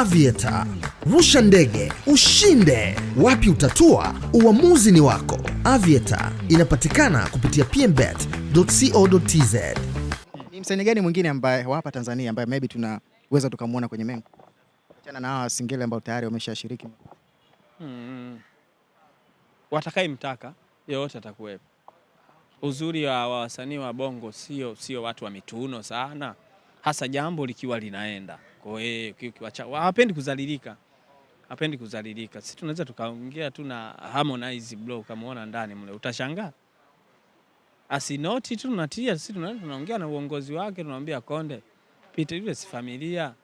Aviator. Rusha ndege, ushinde. Wapi utatua? Uamuzi ni wako. Aviator inapatikana kupitia pmbet.co.tz. Ni msanii gani mwingine ambaye hapa Tanzania ambaye maybe tunaweza tukamwona kwenye mengo? Achana na hawa singeli ambao tayari wameshashiriki. Hmm. Watakaye mtaka yeyote atakuwepo. Uzuri wa wasanii wa Bongo sio sio watu wa mituno sana, hasa jambo likiwa linaenda kwa hiyo hapendi eh, kuzalilika, hapendi kuzalilika. Sisi tunaweza tukaongea tu na Harmonize bro, ukamwona ndani mle utashangaa asinoti tu tunatia sisi tunaongea na uongozi wake, tunamwambia Konde pita yule, si familia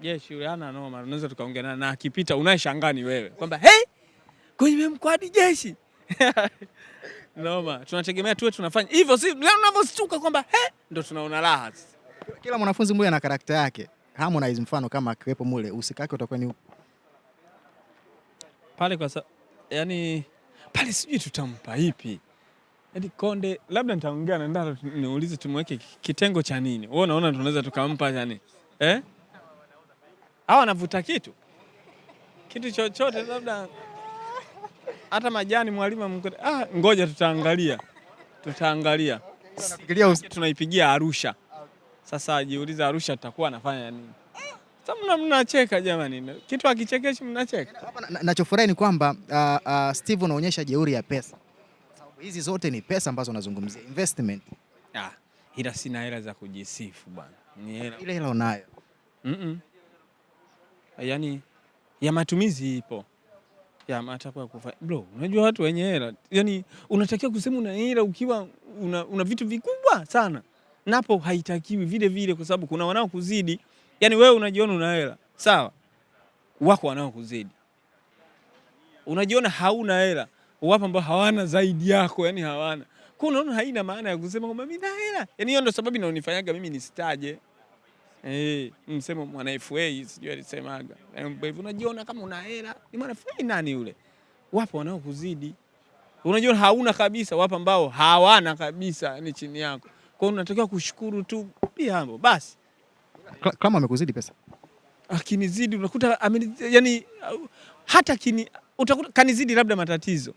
jeshi yule ana noma, tunaweza tukaongea na, na akipita unayeshangani wewe kwamba hey, kwenye mkwadi jeshi noma. Tunategemea tuwe tunafanya hivyo, si leo tunavyostuka kwamba hey, ndo tunaona raha. Kila mwanafunzi mmoja ana karakta yake. Harmonize mfano kama akiwepo mule usikake utakuwa ni pale kwa sa... yani pale sijui tutampa ipi yani Konde, labda nitaongea na ndara niulize tumweke kitengo cha nini. Wewe unaona tunaweza tukampa yani eh? Hawa wanavuta kitu kitu chochote, labda hata majani mwalimu mkute. Ah, ngoja tutaangalia, tutaangalia, tunaipigia Arusha. Sasa ajiuliza Arusha tutakuwa anafanya nini? Sasa mnacheka jamani, kitu akichekeshi mnacheka. Hapa ni kwamba uh, uh, Steve unaonyesha jeuri ya pesa, sababu hizi zote ni pesa ambazo unazungumzia investment. Ah, ila sina hela za kujisifu bwana. Ni hela. Ile hela unayo. Mm -mm. Yaani ya matumizi ipo ya matakwa kufa. Bro, unajua watu wenye hela, yani, unatakiwa kusema una hela ukiwa una, una vitu vikubwa sana napo haitakiwi vile vile, kwa sababu kuna wanaokuzidi. Yani wewe unajiona una hela sawa, wako wanaokuzidi. Unajiona hauna hela, wapo ambao hawana zaidi yako, yani hawana kwa, unaona haina maana ya kusema kwamba mimi na hela. Yani hiyo ndio sababu inaonifanyaga mimi nisitaje Eh, msemo mwana FA sijui alisemaga. Eh, unajiona kama una hela, ni mwana FA nani yule? Wapo wanaokuzidi. Unajiona hauna kabisa, wapo ambao hawana kabisa, ni yaani chini yako. Kwa hiyo unatakiwa kushukuru tu, pia hapo basi. Kama amekuzidi pesa, akinizidi unakuta yani hata kini utakuta kanizidi labda matatizo,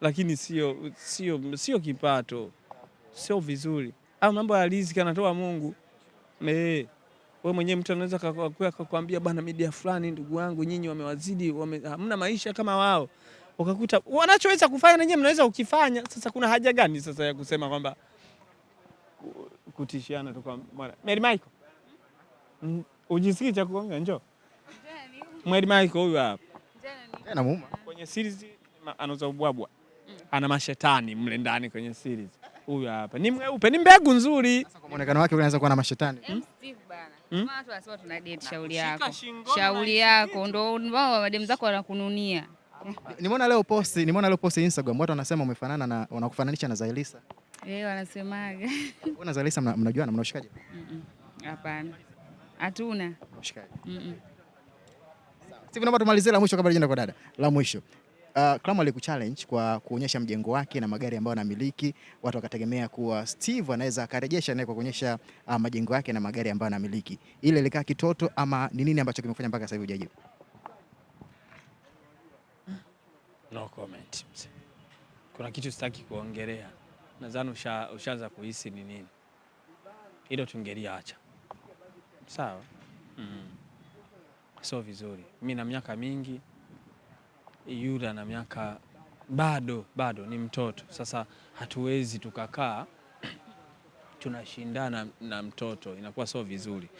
lakini sio sio sio kipato, sio vizuri. Au mambo ya riziki anatoa Mungu eh wewe mwenyewe mtu anaweza akakwambia bwana, media fulani ndugu wangu nyinyi wamewazidi wame, hamna maisha kama wao, wakakuta wanachoweza kufanya na nyinyi mnaweza ukifanya. Sasa kuna haja gani sasa ya kusema kwamba kutishiana tu kwa mara. Mary Michael. Mm, ujisikii cha kuongea njoo. Mary Michael huyu hapa. Tena muuma. Kwenye series anauza ubwabwa. Ana mashetani mle ndani kwenye series. Huyu hapa. Ni mweupe, ni mbegu nzuri. Sasa kwa muonekano wake unaanza kuwa na mashetani. Hmm? Hmm? Watu wasio tuna date shauri yako. Shauri yako ndio wao madem zako wanakununia. Nimeona leo post, nimeona leo post Instagram watu wanasema umefanana na wanakufananisha na Zailisa. Eh, wanasemaga. Wewe Zalisa mnajuana, mnashikaje? Hapana. Hatuna. Mshikaje. Mhm. Sawa. Sisi naomba tumalizie la mwisho kabla tujaenda kwa dada. La mwisho. Uh, Clam alikuchallenge kwa kuonyesha mjengo wake na magari ambayo anamiliki. Watu wakategemea kuwa Steve anaweza akarejesha naye kwa kuonyesha uh, majengo yake na magari ambayo anamiliki. Ile ilikaa kitoto ama ni nini ambacho kimefanya mpaka sasa hivi hujajibu? No comment. Kuna kitu sitaki kuongelea nadhani ushaanza kuhisi ni nini hilo, tungeliacha sawa. mm. Sio vizuri. Mi na miaka mingi, yule na miaka bado bado ni mtoto. Sasa hatuwezi tukakaa tunashindana na mtoto, inakuwa sio vizuri.